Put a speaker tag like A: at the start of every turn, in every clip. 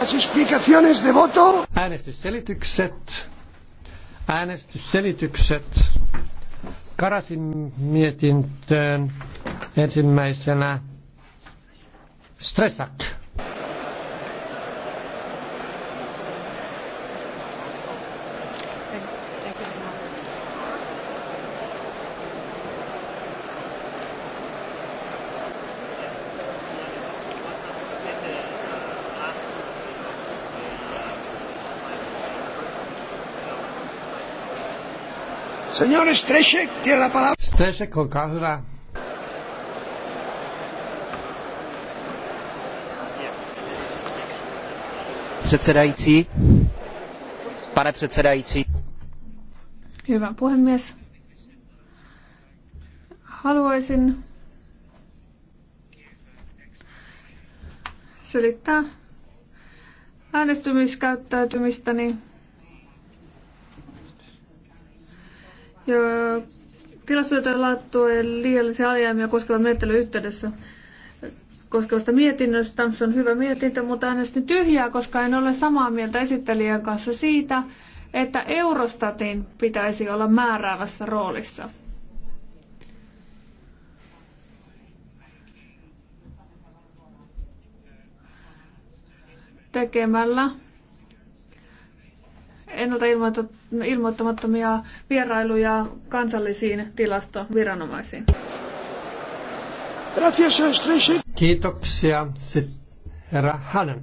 A: explicaciones de voto. Äänestysselitykset. Äänestysselitykset. Karasin mietintöön ensimmäisenä Stressak. Señor Streshek, tiene la palabra. Streshek, olkaa hyvä.
B: Předsedající, pane předsedající.
C: Hyvä puhemies. Haluaisin selittää äänestymiskäyttäytymistäni. Niin ja tilastotietojen laattojen liiallisia alijäämiä koskevan menettelyn yhteydessä koskevasta mietinnöstä. Se on hyvä mietintö, mutta äänestin tyhjää, koska en ole samaa mieltä esittelijän kanssa siitä, että Eurostatin pitäisi olla määräävässä roolissa. Tekemällä ennalta ilmoittamattomia vierailuja kansallisiin tilastoviranomaisiin.
A: Kiitoksia. Sitten herra Hannan.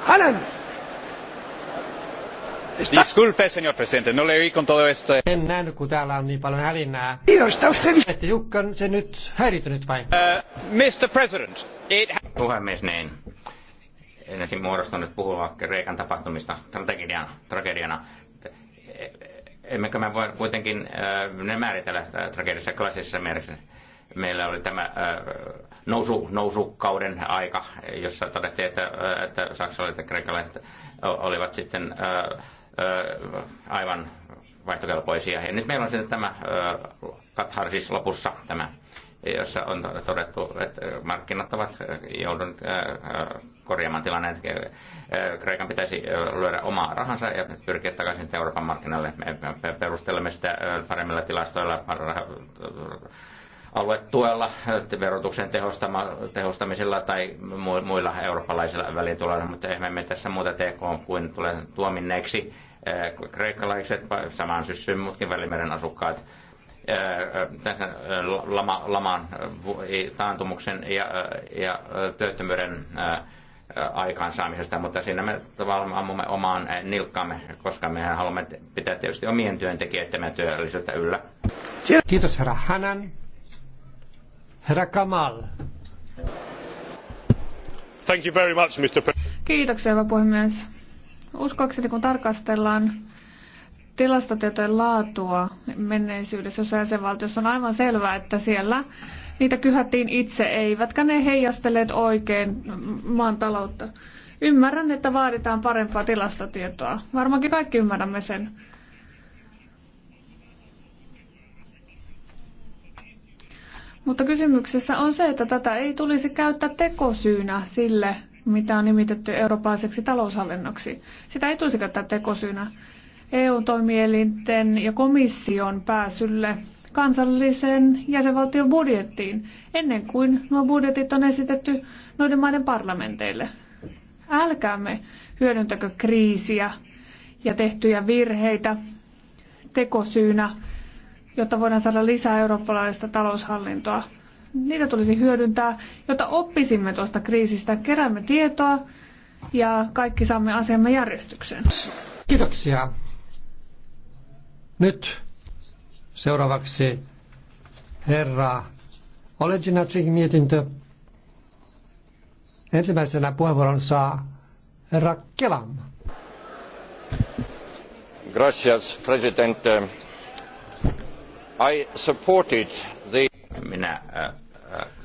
A: Hannan!
D: Está... Disculpe, señor presidente, no le oí con todo esto. En
A: nähnyt, kun täällä on niin paljon hälinää. Josta usted... että Jukka se nyt häiritynyt vai? Uh,
B: Mr. President, it... Puhemies, niin. Ensin muodostunut puhua Kreikan tapahtumista tragediana. tragediana. Emmekö me voi kuitenkin äh, ne määritellä tragediassa klassisessa mielessä? Meillä oli tämä äh, nousu, nousukauden aika, jossa todettiin, että, uh, että saksalaiset ja kreikalaiset olivat sitten äh, aivan vaihtokelpoisia. Ja nyt meillä on sitten tämä Kathar siis lopussa tämä jossa on todettu, että markkinat ovat joudunut korjaamaan tilanne, Kreikan pitäisi lyödä omaa rahansa ja pyrkiä takaisin Euroopan markkinoille. Me perustelemme sitä paremmilla tilastoilla, aluetuella, verotuksen tehostamisella tai muilla eurooppalaisilla välituloilla, mutta emme me tässä muuta tee kuin tulee tuominneeksi eh, kreikkalaiset, samaan syssyyn muutkin välimeren asukkaat eh, eh, tässä lama, laman taantumuksen ja, ja työttömyyden aikaansaamisesta, mutta siinä me tavallaan ammumme omaan nilkkaamme, koska me haluamme pitää tietysti omien työntekijöiden työllisyyttä yllä.
A: Kiitos herra Hanan. Herra
C: Kiitoksia, hyvä puhemies. Uskoakseni kun tarkastellaan tilastotietojen laatua menneisyydessä jossa jäsenvaltiossa on aivan selvää, että siellä niitä kyhättiin itse, eivätkä ne heijastelleet oikein maan taloutta. Ymmärrän, että vaaditaan parempaa tilastotietoa. Varmaankin kaikki ymmärrämme sen. Mutta kysymyksessä on se, että tätä ei tulisi käyttää tekosyynä sille, mitä on nimitetty eurooppalaiseksi taloushallinnoksi. Sitä ei tulisi käyttää tekosyynä EU-toimielinten ja komission pääsylle kansallisen jäsenvaltion budjettiin, ennen kuin nuo budjetit on esitetty noiden maiden parlamenteille. Älkäämme hyödyntäkö kriisiä ja tehtyjä virheitä tekosyynä jotta voidaan saada lisää eurooppalaista taloushallintoa. Niitä tulisi hyödyntää, jotta oppisimme tuosta kriisistä, keräämme tietoa ja kaikki saamme asiamme järjestykseen.
A: Kiitoksia. Nyt seuraavaksi herra Oleginacin mietintö. Ensimmäisenä puheenvuoron saa herra Kelam.
D: Gracias, presidente.
B: I supported the... Minä äh,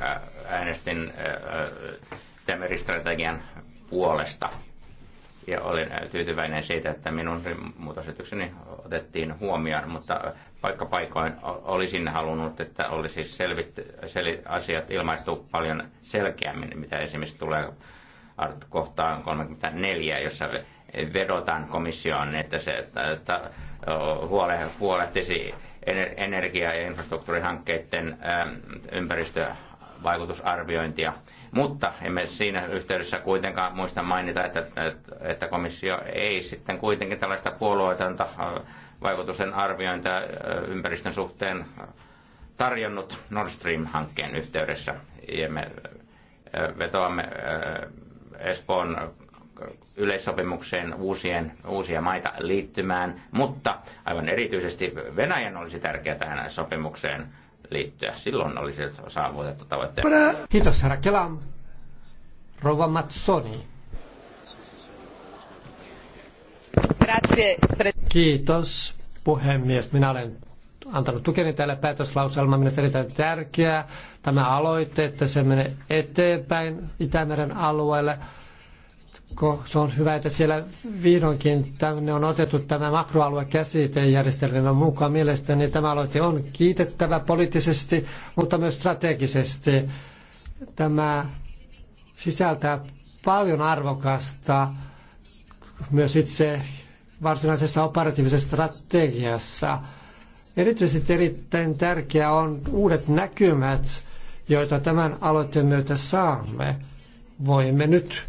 B: äh, äänestin äh, Temeri-strategian puolesta ja olin tyytyväinen siitä, että minun muutosesitykseni otettiin huomioon, mutta paikka paikoin olisin halunnut, että olisi siis selvitty, sel, asiat ilmaistu paljon selkeämmin, mitä esimerkiksi tulee kohtaan 34, jossa vedotaan komissioon, että se että huolehtisi energia- ja infrastruktuurihankkeiden ähm, ympäristövaikutusarviointia. Mutta emme siinä yhteydessä kuitenkaan muista mainita, että, että komissio ei sitten kuitenkin tällaista puolueetonta äh, vaikutusten arviointia äh, ympäristön suhteen tarjonnut Nord Stream-hankkeen yhteydessä. Ja me äh, vetoamme Espoon yleissopimukseen uusien, uusia maita liittymään, mutta aivan erityisesti Venäjän olisi tärkeää tähän sopimukseen liittyä. Silloin olisi saavutettu tavoitteet.
A: Kiitos herra Kelam. Rova Matsoni. Kiitos puhemies. Minä olen antanut tukeni tälle päätöslauselmalle. Minusta erittäin tärkeää tämä aloite, että se menee eteenpäin Itämeren alueelle. Se on hyvä, että siellä vihdoinkin tänne on otettu tämä makroalue käsiteen järjestelmän mukaan. Mielestäni tämä aloite on kiitettävä poliittisesti, mutta myös strategisesti. Tämä sisältää paljon arvokasta myös itse varsinaisessa operatiivisessa strategiassa. Erityisesti erittäin tärkeää on uudet näkymät, joita tämän aloitteen myötä saamme. Voimme nyt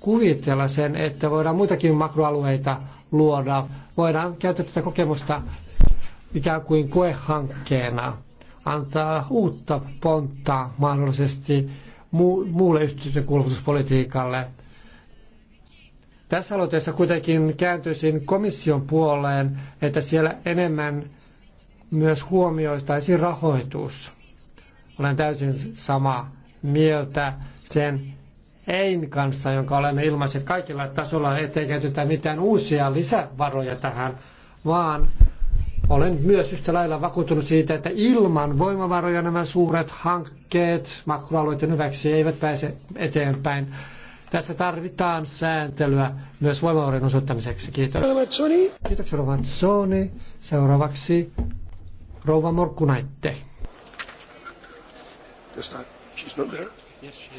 A: kuvitella sen, että voidaan muitakin makroalueita luoda. Voidaan käyttää tätä kokemusta ikään kuin koehankkeena, antaa uutta pontta mahdollisesti muulle yhteisön Tässä aloitteessa kuitenkin kääntyisin komission puoleen, että siellä enemmän myös huomioitaisiin rahoitus. Olen täysin samaa mieltä sen EIN kanssa, jonka olemme ilmaiset kaikilla tasolla, ettei käytetä mitään uusia lisävaroja tähän, vaan olen myös yhtä lailla vakuuttunut siitä, että ilman voimavaroja nämä suuret hankkeet makroalueiden hyväksi eivät pääse eteenpäin. Tässä tarvitaan sääntelyä myös voimavarojen osoittamiseksi. Kiitos. Kiitoksia Rova Seuraavaksi Rouva Morkkunaitte. Yes,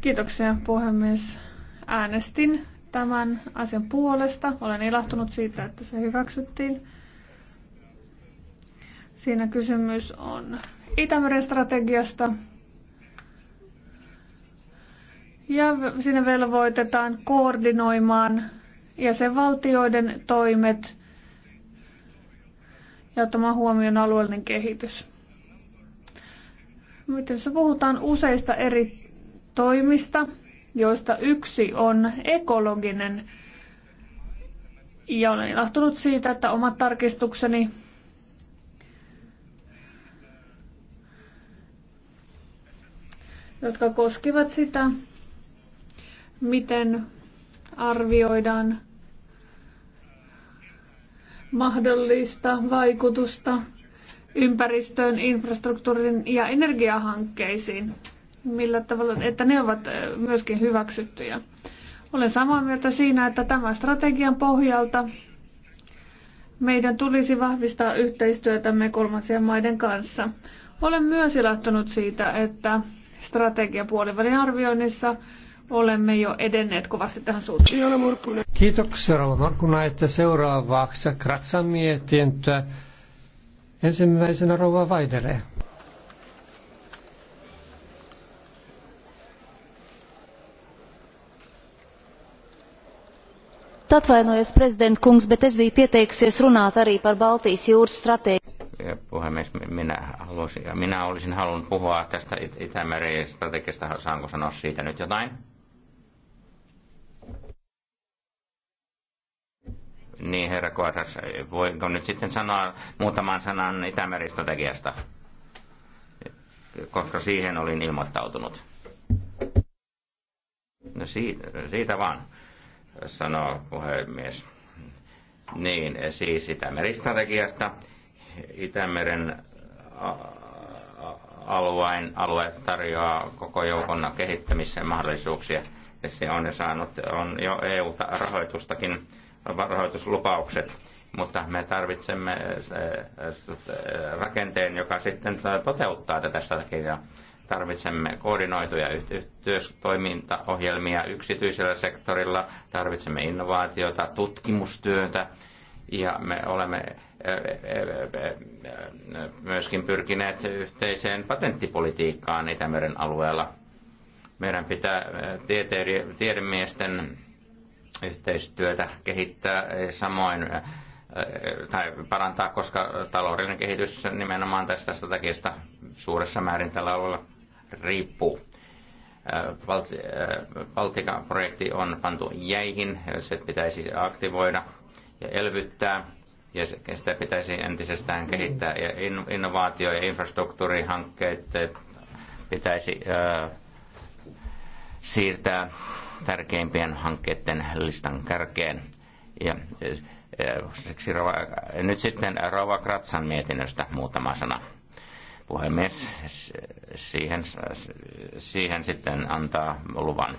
C: Kiitoksia, puhemies. Äänestin tämän asian puolesta. Olen ilahtunut siitä, että se hyväksyttiin. Siinä kysymys on Itämeren strategiasta. Ja siinä velvoitetaan koordinoimaan jäsenvaltioiden toimet ja ottamaan huomioon alueellinen kehitys tässä puhutaan useista eri toimista, joista yksi on ekologinen. Ja olen ilahtunut siitä, että omat tarkistukseni jotka koskivat sitä, miten arvioidaan mahdollista vaikutusta ympäristöön, infrastruktuurin ja energiahankkeisiin, millä tavalla, että ne ovat myöskin hyväksyttyjä. Olen samaa mieltä siinä, että tämän strategian pohjalta meidän tulisi vahvistaa yhteistyötämme kolmansien maiden kanssa. Olen myös ilahtunut siitä, että strategiapuolivälin arvioinnissa olemme jo edenneet kovasti tähän suuntaan.
A: Kiitoksia Rauha Markkuna, että seuraavaksi Kratsan mietintöä. Ensimmäisenä rouva Vaidere.
C: Atvainojos president kungs, bet es biju pieteikusies runāt arī par Baltijas jūras
B: stratēģiju. Puhemies, minä, halusin, minä olisin halunnut puhua tästä Itämeren strategiasta. Saanko sanoa siitä nyt jotain? Niin, herra Koiras, voiko nyt sitten sanoa muutaman sanan Itämeristrategiasta, koska siihen olin ilmoittautunut. No siitä, siitä vaan, sanoo puhemies. Niin, siis Itämeristrategiasta, Itämeren alueen, alue tarjoaa koko joukon kehittämisen mahdollisuuksia. Se on jo saanut on jo EU-rahoitustakin rahoituslupaukset. Mutta me tarvitsemme äh, äh, rakenteen, joka sitten toteuttaa tätä strategiaa. Tarvitsemme koordinoituja yhteistoimintaohjelmia yksityisellä sektorilla, tarvitsemme innovaatiota, tutkimustyötä, ja me olemme äh, myöskin pyrkineet yhteiseen patenttipolitiikkaan Itämeren alueella. Meidän pitää tiede- tiedemiesten yhteistyötä kehittää samoin tai parantaa, koska taloudellinen kehitys nimenomaan tästä strategiasta suuressa määrin tällä alueella riippuu. valtika projekti on pantu jäihin, se pitäisi aktivoida ja elvyttää, ja sitä pitäisi entisestään mm. kehittää. Ja innovaatio- ja infrastruktuurihankkeet pitäisi siirtää tärkeimpien hankkeiden listan kärkeen. Ja, siksi nyt sitten Rova Kratsan mietinnöstä muutama sana. Puhemies siihen, siihen sitten antaa luvan.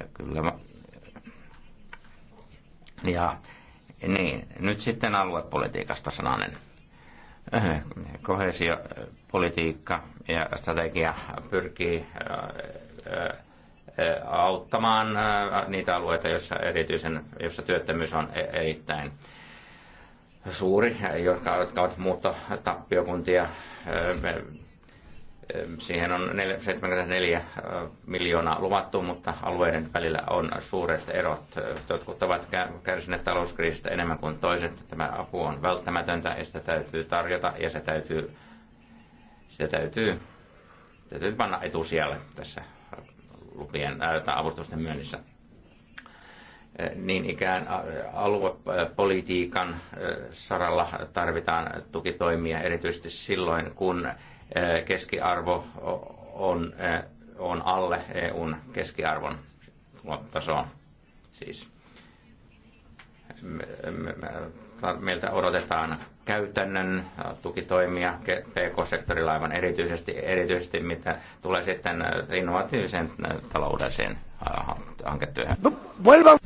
B: Ja kyllä ja niin, nyt sitten aluepolitiikasta sananen. Kohesiopolitiikka ja strategia pyrkii äh, äh, auttamaan niitä alueita, joissa, erityisen, joissa työttömyys on e-, erittäin suuri, jotka, jotka ovat muuttotappiokuntia. Siihen on 74 miljoonaa luvattu, mutta alueiden välillä on suuret erot. Jotkut ovat kärsineet talouskriisistä enemmän kuin toiset. Tämä apu on välttämätöntä ja sitä täytyy tarjota ja se täytyy, sitä täytyy, täytyy panna etusijalle tässä lupien tai avustusten myönnissä. Niin ikään aluepolitiikan saralla tarvitaan tukitoimia erityisesti silloin, kun keskiarvo on, on alle EUn keskiarvon tasoon. Siis meiltä odotetaan käytännön tukitoimia PK-sektorilla aivan erityisesti, erityisesti mitä tulee sitten innovatiivisen taloudelliseen hanketyöhön. No,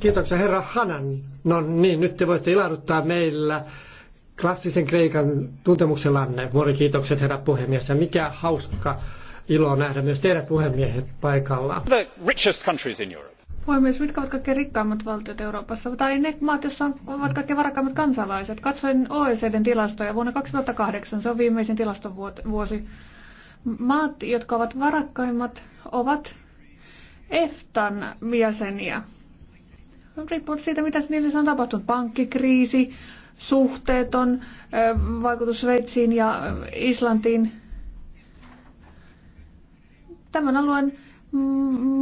A: Kiitoksia herra Hanan. No niin, nyt te voitte ilahduttaa meillä klassisen Kreikan tuntemuksellanne. Vuori kiitokset herra puhemies. Ja mikä hauska ilo nähdä myös teidän puhemiehet paikalla. The richest countries in Europe
C: Puhemies, mitkä ovat kaikkein rikkaimmat valtiot Euroopassa? Tai ne maat, joissa ovat kaikkein varakkaimmat kansalaiset. Katsoin OECDn tilastoja vuonna 2008, se on viimeisin tilastovuosi. Maat, jotka ovat varakkaimmat, ovat EFTAn jäseniä. Riippuu siitä, mitä niille on tapahtunut. Pankkikriisi, suhteeton vaikutus Sveitsiin ja Islantiin. Tämän alueen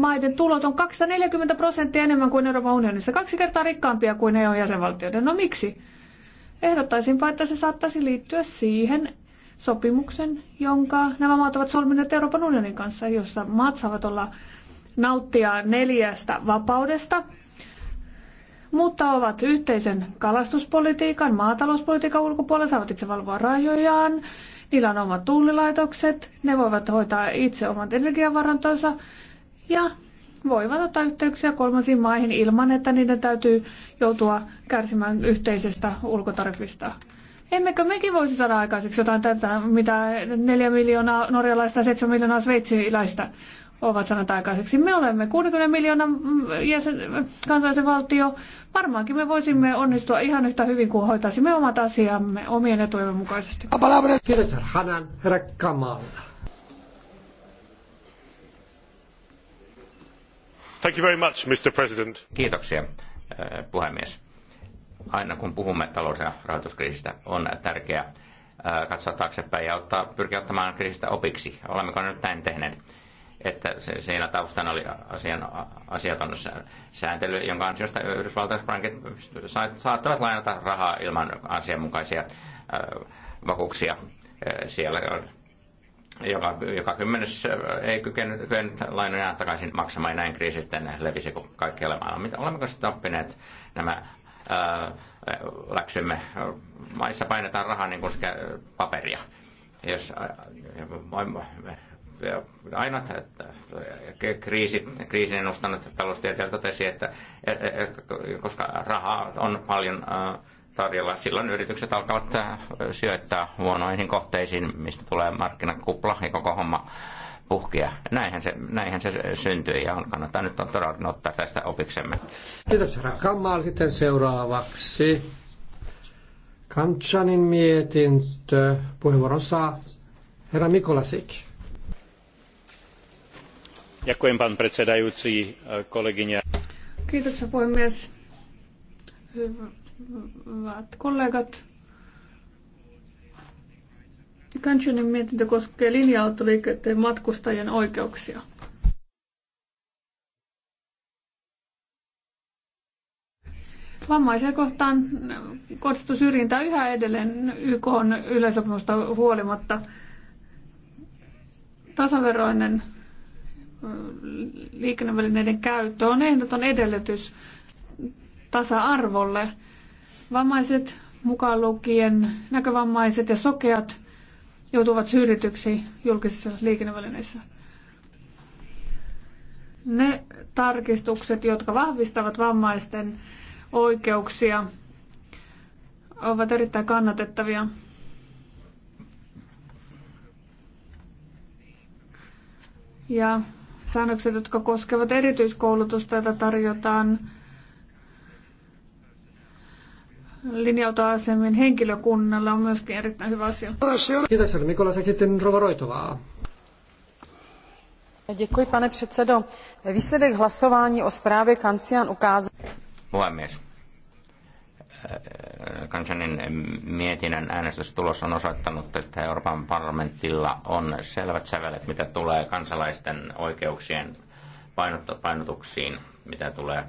C: maiden tulot on 240 prosenttia enemmän kuin Euroopan unionissa, kaksi kertaa rikkaampia kuin EU-jäsenvaltioiden. No miksi? Ehdottaisinpa, että se saattaisi liittyä siihen sopimuksen, jonka nämä maat ovat solmineet Euroopan unionin kanssa, jossa maat saavat olla nauttia neljästä vapaudesta, mutta ovat yhteisen kalastuspolitiikan, maatalouspolitiikan ulkopuolella, saavat itse valvoa rajojaan, Niillä on omat tuulilaitokset, ne voivat hoitaa itse omat energiavarantonsa ja voivat ottaa yhteyksiä kolmansiin maihin ilman, että niiden täytyy joutua kärsimään yhteisestä ulkotarifista. Emmekö mekin voisi saada aikaiseksi jotain tätä, mitä 4 miljoonaa norjalaista ja 7 miljoonaa sveitsiläistä ovat saaneet aikaiseksi. Me olemme 60 miljoonan jäsen, kansallisen valtio, Varmaankin me voisimme onnistua ihan yhtä hyvin kuin hoitaisimme omat asiamme omien
A: etujemme mukaisesti.
D: Thank you very much, Mr. President. Kiitoksia,
B: eh, puhemies. Aina kun puhumme talous- ja rahoituskriisistä, on tärkeää eh, katsoa taaksepäin ja ottaa, pyrkiä ottamaan kriisistä opiksi. Olemmeko nyt näin tehneet? että siinä taustana oli asian, asiaton sääntely, jonka ansiosta Yhdysvaltain pankit saattavat lainata rahaa ilman asianmukaisia vakuuksia siellä, joka, joka kymmenes ei kykenyt, kykenyt lainoja takaisin maksamaan, ja näin kriisi sitten levisi kuin kaikkialla maailmalla. Olemmeko sitten oppineet nämä ää, läksymme? Maissa painetaan rahaa niin kuin sekä paperia. Jos, ää, ja aina kriisi, kriisin ennustanut taloustieteilijä totesi, että, e-, e-, koska rahaa on paljon tarjolla, silloin yritykset alkavat syöttää huonoihin kohteisiin, mistä tulee markkinakupla ja koko homma puhkia. Näinhän se, näinhän se syntyi ja on, kannattaa nyt todella ottaa tästä opiksemme.
A: Kiitos herra Sitten seuraavaksi Kantsanin mietintö. Puheenvuoron saa herra Mikolasikin. Kiitoksia
C: puhemies. Hyvät kollegat. Kanchonin mietintö koskee linja-autoliikenteen matkustajien oikeuksia. Vammaisia kohtaan kohdistuu syrjintää yhä edelleen YK on yleisopimusta huolimatta. Tasaveroinen liikennevälineiden käyttö on ehdoton edellytys tasa-arvolle. Vammaiset, mukaan lukien näkövammaiset ja sokeat, joutuvat syrjityksi julkisissa liikennevälineissä. Ne tarkistukset, jotka vahvistavat vammaisten oikeuksia, ovat erittäin kannatettavia. Ja säännökset, jotka koskevat erityiskoulutusta, jota tarjotaan linja-autoasemien henkilökunnalla, on
A: myöskin erittäin hyvä asia. Kiitos, Mikola, sitten Rovaroitovaa.
C: Děkuji, pane předsedo. Výsledek hlasování o zprávě Kancian ukázal...
B: Puhemies kansanin mietinnän äänestystulos on osoittanut, että Euroopan parlamentilla on selvät sävelet, mitä tulee kansalaisten oikeuksien painotuksiin, mitä tulee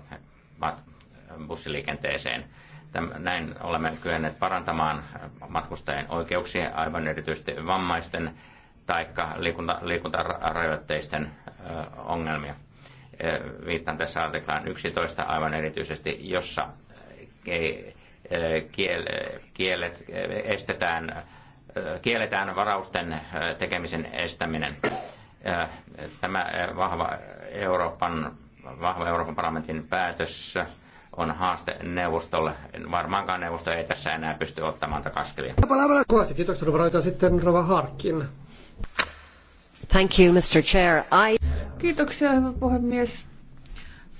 B: bussiliikenteeseen. Näin olemme kyenneet parantamaan matkustajien oikeuksia, aivan erityisesti vammaisten tai liikunta, liikuntarajoitteisten ongelmia. Viittaan tässä artiklaan 11 aivan erityisesti, jossa Eh, kielet, eh, estetään, eh, kielletään varausten tekemisen estäminen. Tämä vahva Euroopan, vahva Euroopan parlamentin päätös on haaste neuvostolle. Varmaankaan neuvosto ei tässä enää pysty ottamaan takaskelia.
A: kiitoksia. Ruvaroita sitten Rova Harkin. Thank you, Mr.
C: Chair. I... Kiitoksia, hyvä puhemies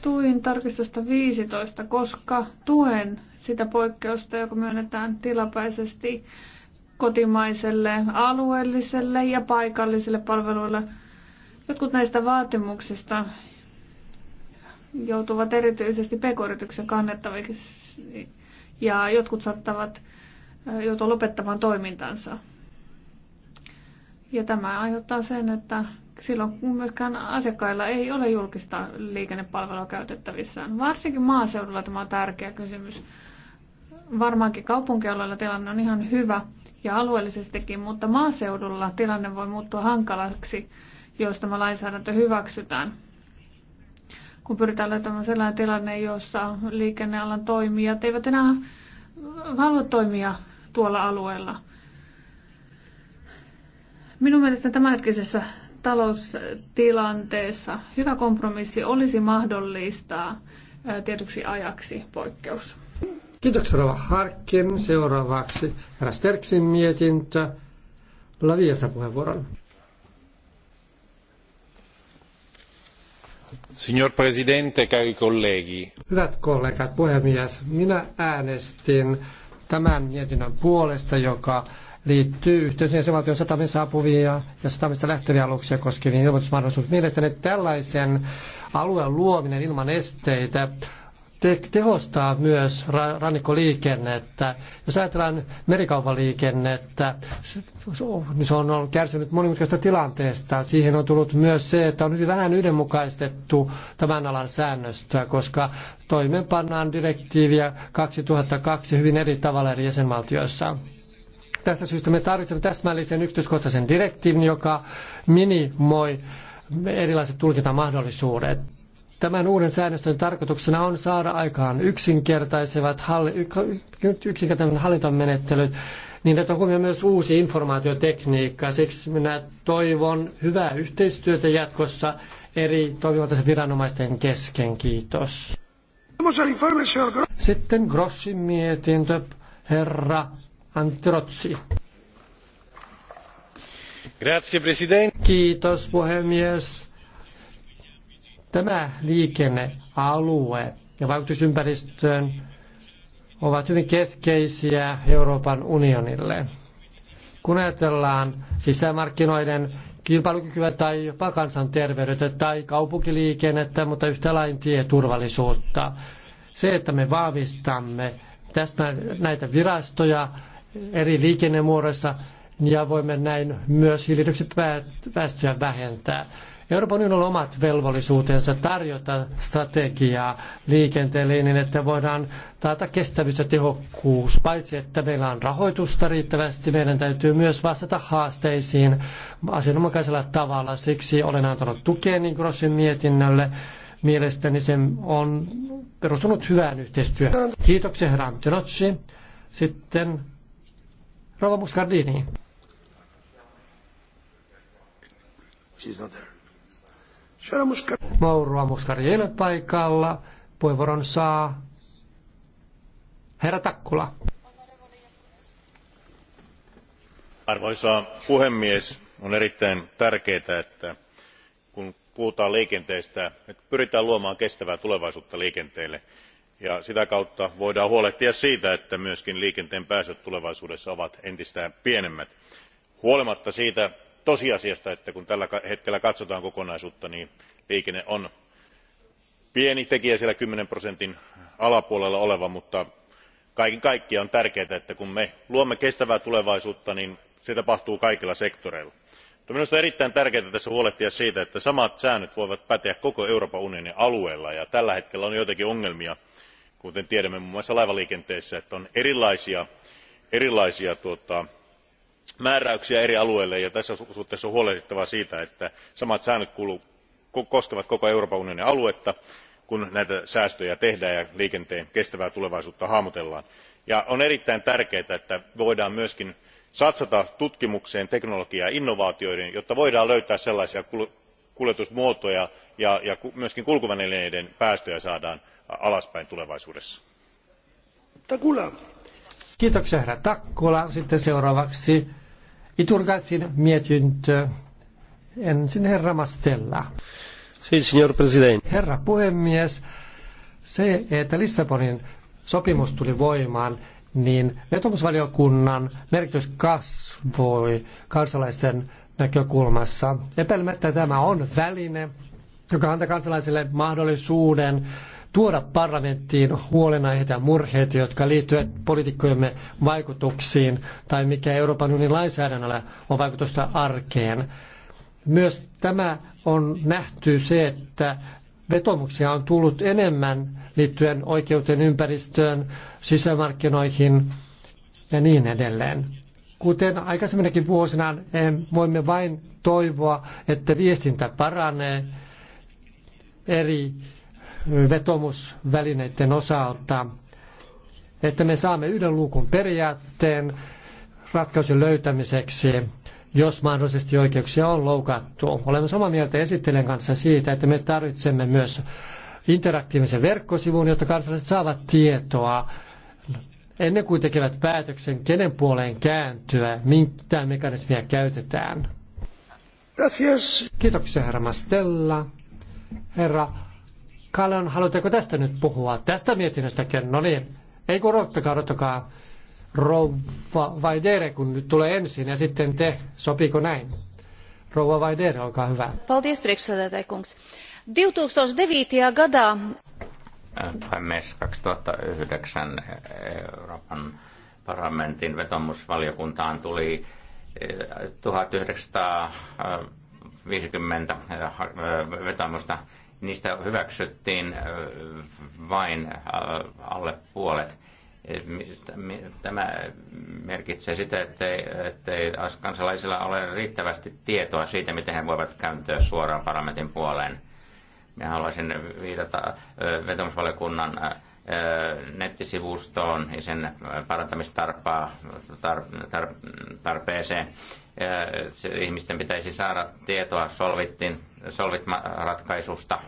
C: tuin tarkistusta 15, koska tuen sitä poikkeusta, joka myönnetään tilapäisesti kotimaiselle, alueelliselle ja paikalliselle palveluille. Jotkut näistä vaatimuksista joutuvat erityisesti pk kannettaviksi ja jotkut saattavat joutua lopettamaan toimintansa. Ja tämä aiheuttaa sen, että silloin myöskään asiakkailla ei ole julkista liikennepalvelua käytettävissään. Varsinkin maaseudulla tämä on tärkeä kysymys. Varmaankin kaupunkialueilla tilanne on ihan hyvä ja alueellisestikin, mutta maaseudulla tilanne voi muuttua hankalaksi, jos tämä lainsäädäntö hyväksytään. Kun pyritään löytämään sellainen tilanne, jossa liikennealan toimijat eivät enää halua toimia tuolla alueella – Minun mielestäni tämänhetkisessä taloustilanteessa hyvä kompromissi olisi mahdollistaa tietyksi ajaksi poikkeus.
A: Kiitoksia Rova Harkin. Seuraavaksi herra Sterksin mietintö. Laviasa puheenvuoron.
D: Signor Presidente, cari colleghi.
A: Hyvät kollegat, puhemies, minä äänestin tämän mietinnön puolesta, joka liittyy yhteisön jäsenvaltion satamien saapuvia ja satamista lähteviä aluksia koskeviin ilmoitusmahdollisuuksiin. Mielestäni tällaisen alueen luominen ilman esteitä te- tehostaa myös ra- rannikkoliikennettä. Jos ajatellaan merikaupaliikennettä, niin se on kärsinyt monimutkaisesta tilanteesta. Siihen on tullut myös se, että on hyvin vähän yhdenmukaistettu tämän alan säännöstöä, koska toimeenpannaan direktiiviä 2002 hyvin eri tavalla eri jäsenvaltioissa. Tästä syystä me tarvitsemme täsmällisen yksityiskohtaisen direktiivin, joka minimoi erilaiset tulkintamahdollisuudet. Tämän uuden säännöstön tarkoituksena on saada aikaan yksinkertaisevat halli, yksinkertainen niin että huomioon myös uusi informaatiotekniikka. Siksi minä toivon hyvää yhteistyötä jatkossa eri toimivaltaisen viranomaisten kesken. Kiitos. Sitten Grossin mietintö, herra Kiitos puhemies. Tämä liikennealue ja ympäristöön ovat hyvin keskeisiä Euroopan unionille. Kun ajatellaan sisämarkkinoiden kilpailukykyä tai jopa kansanterveyttä tai kaupunkiliikennettä, mutta yhtä lain tieturvallisuutta. Se, että me vahvistamme tästä näitä virastoja eri liikennemuodoissa ja voimme näin myös päästöjä vähentää. Euroopan unionilla on omat velvollisuutensa tarjota strategiaa liikenteelle niin, että voidaan taata kestävyys ja tehokkuus. Paitsi, että meillä on rahoitusta riittävästi, meidän täytyy myös vastata haasteisiin asianmukaisella tavalla. Siksi olen antanut tukeni Grossin mietinnölle. Mielestäni se on perustunut hyvään yhteistyöhön. Kiitoksia, herra Antinocci. Sitten Prova Muscardini. She's not there. ei ole paikalla. Puheenvuoron saa herra Takkula.
D: Arvoisa puhemies, on erittäin tärkeää, että kun puhutaan liikenteestä, että pyritään luomaan kestävää tulevaisuutta liikenteelle ja sitä kautta voidaan huolehtia siitä että myös liikenteen päästöt tulevaisuudessa ovat entistä pienemmät huolimatta siitä tosiasiasta että kun tällä hetkellä katsotaan kokonaisuutta niin liikenne on pieni tekijä siellä kymmenen prosentin alapuolella oleva mutta kaiken kaikkiaan on tärkeää että kun me luomme kestävää tulevaisuutta niin se tapahtuu kaikilla sektoreilla. minusta on erittäin tärkeää tässä huolehtia siitä että samat säännöt voivat päteä koko euroopan unionin alueella ja tällä hetkellä on joitakin ongelmia kuten tiedämme muun muassa laivaliikenteessä että on erilaisia, erilaisia tuota, määräyksiä eri alueille ja tässä suhteessa on huolehdittava siitä että samat säännöt koskevat koko euroopan unionin aluetta kun näitä säästöjä tehdään ja liikenteen kestävää tulevaisuutta hahmotellaan. Ja on erittäin tärkeää että voidaan myös satsata tutkimukseen teknologiaan ja innovaatioihin jotta voidaan löytää sellaisia kuljetusmuotoja ja, ja myös kulkuvälineiden päästöjä saadaan alaspäin tulevaisuudessa.
A: Takula. Kiitoksia herra Takkula. Sitten seuraavaksi Iturgatsin mietintö. Ensin herra Mastella. Si, signor Presidente. Herra puhemies, se, että Lissabonin sopimus tuli voimaan, niin vetomusvaliokunnan merkitys kasvoi kansalaisten näkökulmassa. Epäilemättä tämä on väline, joka antaa kansalaisille mahdollisuuden tuoda parlamenttiin huolenaiheita ja murheet, jotka liittyvät poliitikkojemme vaikutuksiin tai mikä Euroopan unionin lainsäädännöllä on vaikutusta arkeen. Myös tämä on nähty se, että vetomuksia on tullut enemmän liittyen oikeuteen ympäristöön, sisämarkkinoihin ja niin edelleen. Kuten aikaisemminakin vuosina, eh, voimme vain toivoa, että viestintä paranee eri vetomusvälineiden osalta, että me saamme yhden luukun periaatteen ratkaisun löytämiseksi, jos mahdollisesti oikeuksia on loukattu. Olemme samaa mieltä esittelijän kanssa siitä, että me tarvitsemme myös interaktiivisen verkkosivun, jotta kansalaiset saavat tietoa ennen kuin tekevät päätöksen, kenen puoleen kääntyä, mitä mekanismia käytetään. Gracias. Kiitoksia herra Mastella. Herra Kallan, haluatteko tästä nyt puhua? Tästä mietinnöstäkin, no niin. Ei kun odottakaa, odottakaa. Rouva dere kun nyt tulee ensin ja sitten te. Sopiiko näin? Rouva dere olkaa hyvä.
C: Paldies, te kungs. 2009. gada...
B: puhemies 2009 Euroopan parlamentin vetomusvaliokuntaan tuli 1950 eh, eh, vetomusta niistä hyväksyttiin vain alle puolet. E, tämä merkitsee sitä, ettei, ettei kansalaisilla ole riittävästi tietoa siitä, miten he voivat kääntyä suoraan parlamentin puoleen. Minä haluaisin viitata vetomusvaliokunnan nettisivustoon ja sen parantamistarpeeseen. ihmisten pitäisi saada tietoa Solvitin, Solvit-ratkaisusta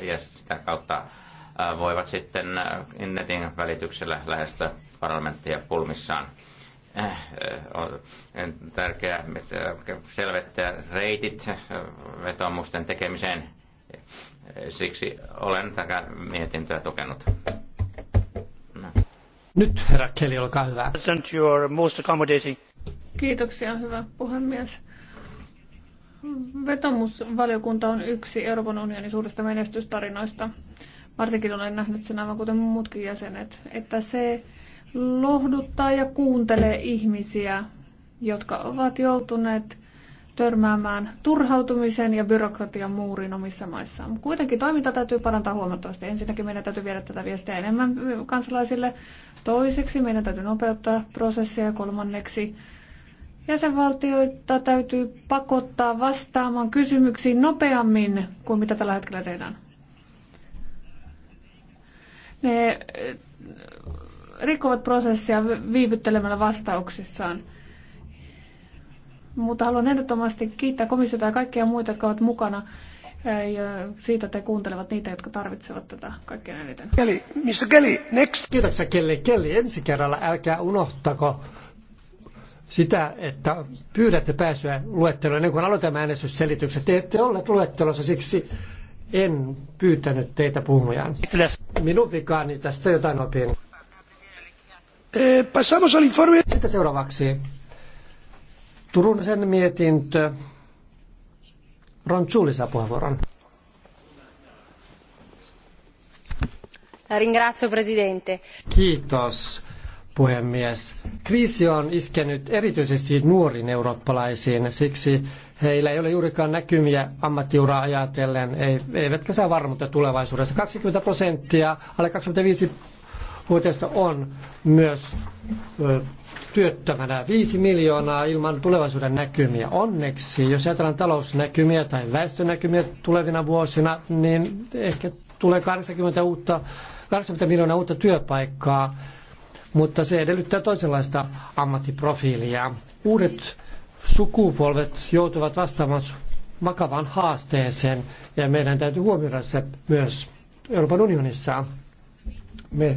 B: ja sitä kautta voivat sitten internetin välityksellä lähestyä parlamenttia pulmissaan. On tärkeää selvittää reitit vetomusten tekemiseen. Siksi olen tätä mietintöä tukenut.
A: Nyt herra Kelly, olkaa hyvä.
C: Kiitoksia, hyvä puhemies. Vetomusvaliokunta on yksi Euroopan unionin suurista menestystarinoista. Varsinkin olen nähnyt sen aivan kuten muutkin jäsenet, että se lohduttaa ja kuuntelee ihmisiä, jotka ovat joutuneet törmäämään turhautumisen ja byrokratian muurin omissa maissaan. Kuitenkin toiminta täytyy parantaa huomattavasti. Ensinnäkin meidän täytyy viedä tätä viestiä enemmän kansalaisille. Toiseksi meidän täytyy nopeuttaa prosessia. Kolmanneksi jäsenvaltioita täytyy pakottaa vastaamaan kysymyksiin nopeammin kuin mitä tällä hetkellä tehdään. Ne eh, rikkovat prosessia viivyttelemällä vastauksissaan – mutta haluan ehdottomasti kiittää komissiota ja kaikkia muita, jotka ovat mukana ja siitä te kuuntelevat niitä, jotka tarvitsevat tätä kaikkein eniten.
A: Kelly, Mr. Kelly, next. Kiitoksia Kelly. Kelly, ensi kerralla älkää unohtako sitä, että pyydätte pääsyä luetteloon ennen kuin aloitamme äänestysselitykset. Te ette olleet luettelossa, siksi en pyytänyt teitä puhujaan. Minun vikaani tästä jotain opin. Eh, passamos al informe. Sitten seuraavaksi Turun sen mietintö. Ronchu lisää puheenvuoron.
B: Ringrazio, presidente.
A: Kiitos, puhemies. Kriisi on iskenyt erityisesti nuoriin eurooppalaisiin, siksi heillä ei ole juurikaan näkymiä ammattiuraa ajatellen, eivätkä saa varmuutta tulevaisuudessa. 20 prosenttia alle 25 vuotiaista on myös työttömänä. Viisi miljoonaa ilman tulevaisuuden näkymiä. Onneksi, jos ajatellaan talousnäkymiä tai väestönäkymiä tulevina vuosina, niin ehkä tulee 80, uutta, 80 miljoonaa uutta työpaikkaa, mutta se edellyttää toisenlaista ammattiprofiilia. Uudet sukupolvet joutuvat vastaamaan vakavaan haasteeseen ja meidän täytyy huomioida se myös Euroopan unionissa. Me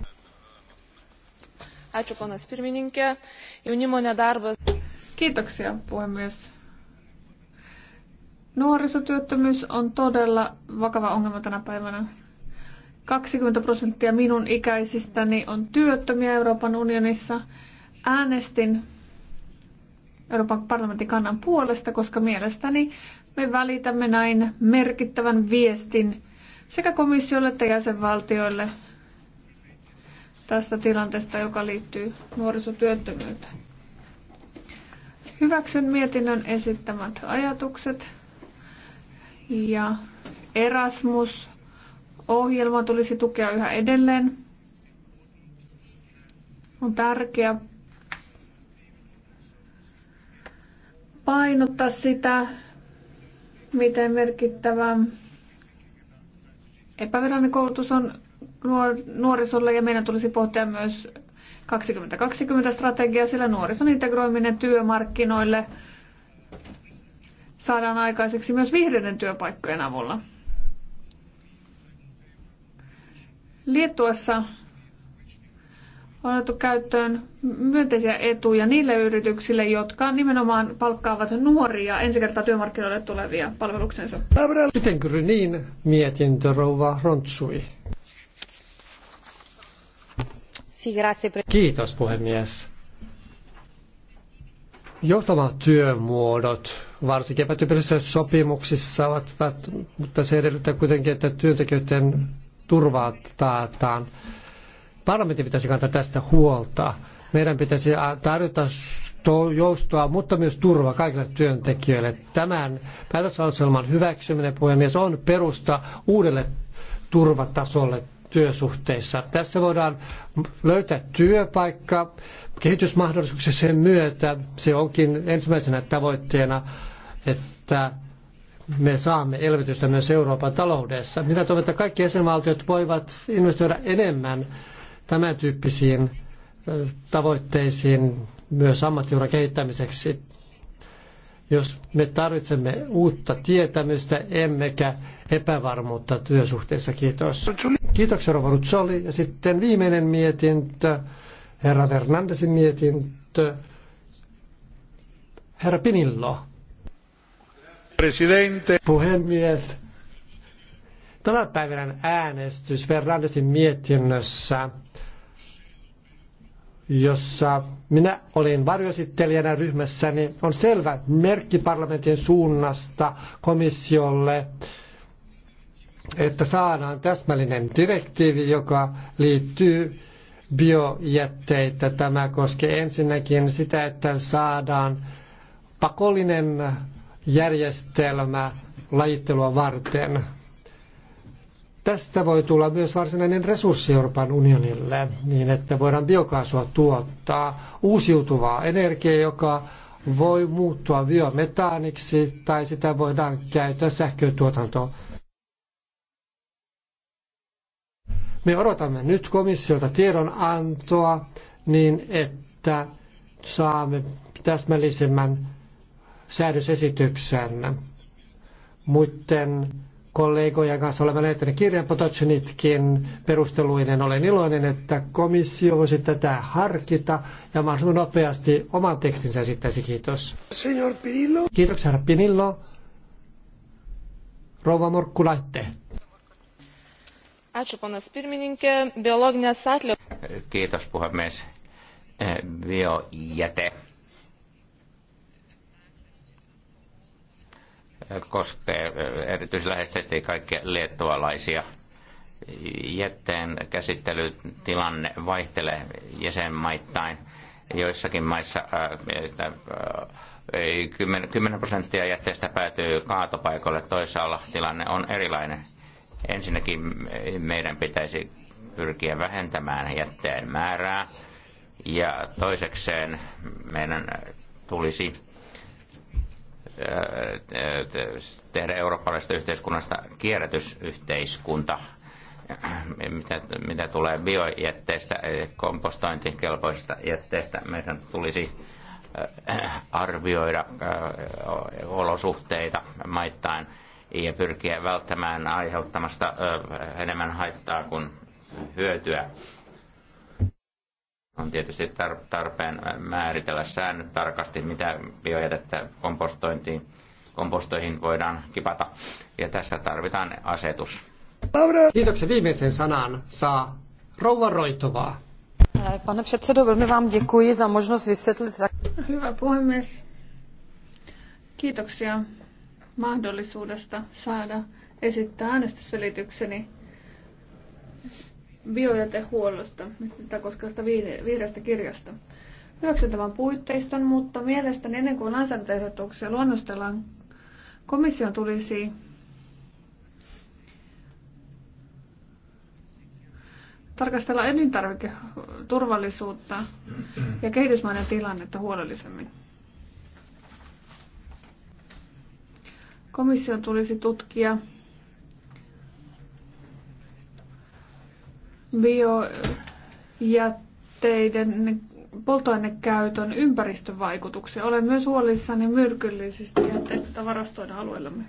C: Ačiū, ponas pirmininkė. Jaunimo nedarbas. Kiitoksia, puhemies. Nuorisotyöttömyys on todella vakava ongelma tänä päivänä. 20 prosenttia minun ikäisistäni on työttömiä Euroopan unionissa. Äänestin Euroopan parlamentin kannan puolesta, koska mielestäni me välitämme näin merkittävän viestin sekä komissiolle että jäsenvaltioille tästä tilanteesta, joka liittyy nuorisotyöttömyyteen. Hyväksyn mietinnön esittämät ajatukset ja Erasmus-ohjelma tulisi tukea yhä edelleen. On tärkeää painottaa sitä, miten merkittävä epävirallinen koulutus on nuorisolle ja meidän tulisi pohtia myös 2020-strategiaa, sillä nuorison integroiminen työmarkkinoille saadaan aikaiseksi myös vihreiden työpaikkojen avulla. Liettuassa on otettu käyttöön myönteisiä etuja niille yrityksille, jotka nimenomaan palkkaavat nuoria ensi kertaa työmarkkinoille tulevia palveluksensa.
A: Miten kyllä niin mietintö rouva Rontsui? Kiitos puhemies. Johtavat työmuodot, varsinkin epätyypillisissä sopimuksissa, ovat, mutta se edellyttää kuitenkin, että työntekijöiden turvaa taataan. Parlamentin pitäisi kantaa tästä huolta. Meidän pitäisi tarjota joustoa, mutta myös turva kaikille työntekijöille. Tämän päätöslauselman hyväksyminen, puhemies, on perusta uudelle turvatasolle työsuhteissa. Tässä voidaan löytää työpaikka kehitysmahdollisuuksia sen myötä. Se onkin ensimmäisenä tavoitteena, että me saamme elvytystä myös Euroopan taloudessa. Minä toivon, että kaikki jäsenvaltiot voivat investoida enemmän tämän tyyppisiin tavoitteisiin myös ammattiuran kehittämiseksi. Jos me tarvitsemme uutta tietämystä, emmekä epävarmuutta työsuhteessa. Kiitos. Kiitoksia Rova Rutsoli. Ja sitten viimeinen mietintö, herra Fernandesin mietintö, herra Pinillo. Presidente. Puhemies. Tänä päivänä äänestys Fernandesin mietinnössä, jossa minä olin varjoesittelijänä ryhmässäni, on selvä merkki parlamentin suunnasta komissiolle – että saadaan täsmällinen direktiivi, joka liittyy biojätteitä. Tämä koskee ensinnäkin sitä, että saadaan pakollinen järjestelmä lajittelua varten. Tästä voi tulla myös varsinainen resurssi Euroopan unionille, niin että voidaan biokaasua tuottaa, uusiutuvaa energiaa, joka voi muuttua biometaaniksi tai sitä voidaan käyttää sähkötuotantoon Me odotamme nyt komissiolta tiedonantoa niin, että saamme täsmällisemmän säädösesityksen. Muiden kollegojen kanssa olemme lähettäneet kirjan Potocnitkin perusteluinen. Olen iloinen, että komissio voisi tätä harkita ja mahdollisimman nopeasti oman tekstinsä esittäisi. Kiitos. Senor Pinillo. Kiitoksia, herra Pinillo. Rouva Morkkulaitte.
B: Kiitos puhemies. E, biojäte e, koskee e, erityisläheisesti kaikkia liettualaisia. Jätteen käsittelytilanne vaihtelee jäsenmaittain. Joissakin maissa kymmenen prosenttia jätteestä päätyy kaatopaikoille, toisaalla tilanne on erilainen – Ensinnäkin meidän pitäisi pyrkiä vähentämään jätteen määrää ja toisekseen meidän tulisi äh, tehdä eurooppalaisesta yhteiskunnasta kierrätysyhteiskunta, mitä, mitä tulee biojätteistä, kompostointikelpoisista jätteistä. Meidän tulisi äh, arvioida äh, olosuhteita maittain – ja pyrkiä välttämään aiheuttamasta enemmän haittaa kuin hyötyä. On tietysti tarpeen määritellä säännöt tarkasti, mitä biojätettä kompostointiin, kompostoihin voidaan kipata. Ja tässä tarvitaan asetus.
A: Kiitoksen viimeisen sanan saa Rouva Roitovaa.
C: Pane předsedo, velmi vám děkuji za možnost vysvětlit. Hyvä puhemies. Kiitoksia mahdollisuudesta saada esittää äänestysselitykseni biojätehuollosta, sitä koskevasta vihreästä kirjasta. Hyväksyn tämän puitteiston, mutta mielestäni ennen kuin lainsäädäntöehdotuksia luonnostellaan, komission tulisi tarkastella elintarviketurvallisuutta ja kehitysmaiden tilannetta huolellisemmin. Komission tulisi tutkia biojätteiden polttoainekäytön ympäristövaikutuksia. Olen myös huolissani myrkyllisistä jätteistä, joita varastoidaan alueellamme.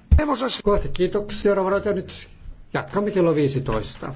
A: Kovasti kiitoksia, Rovarot, ja nyt jatkamme kello 15.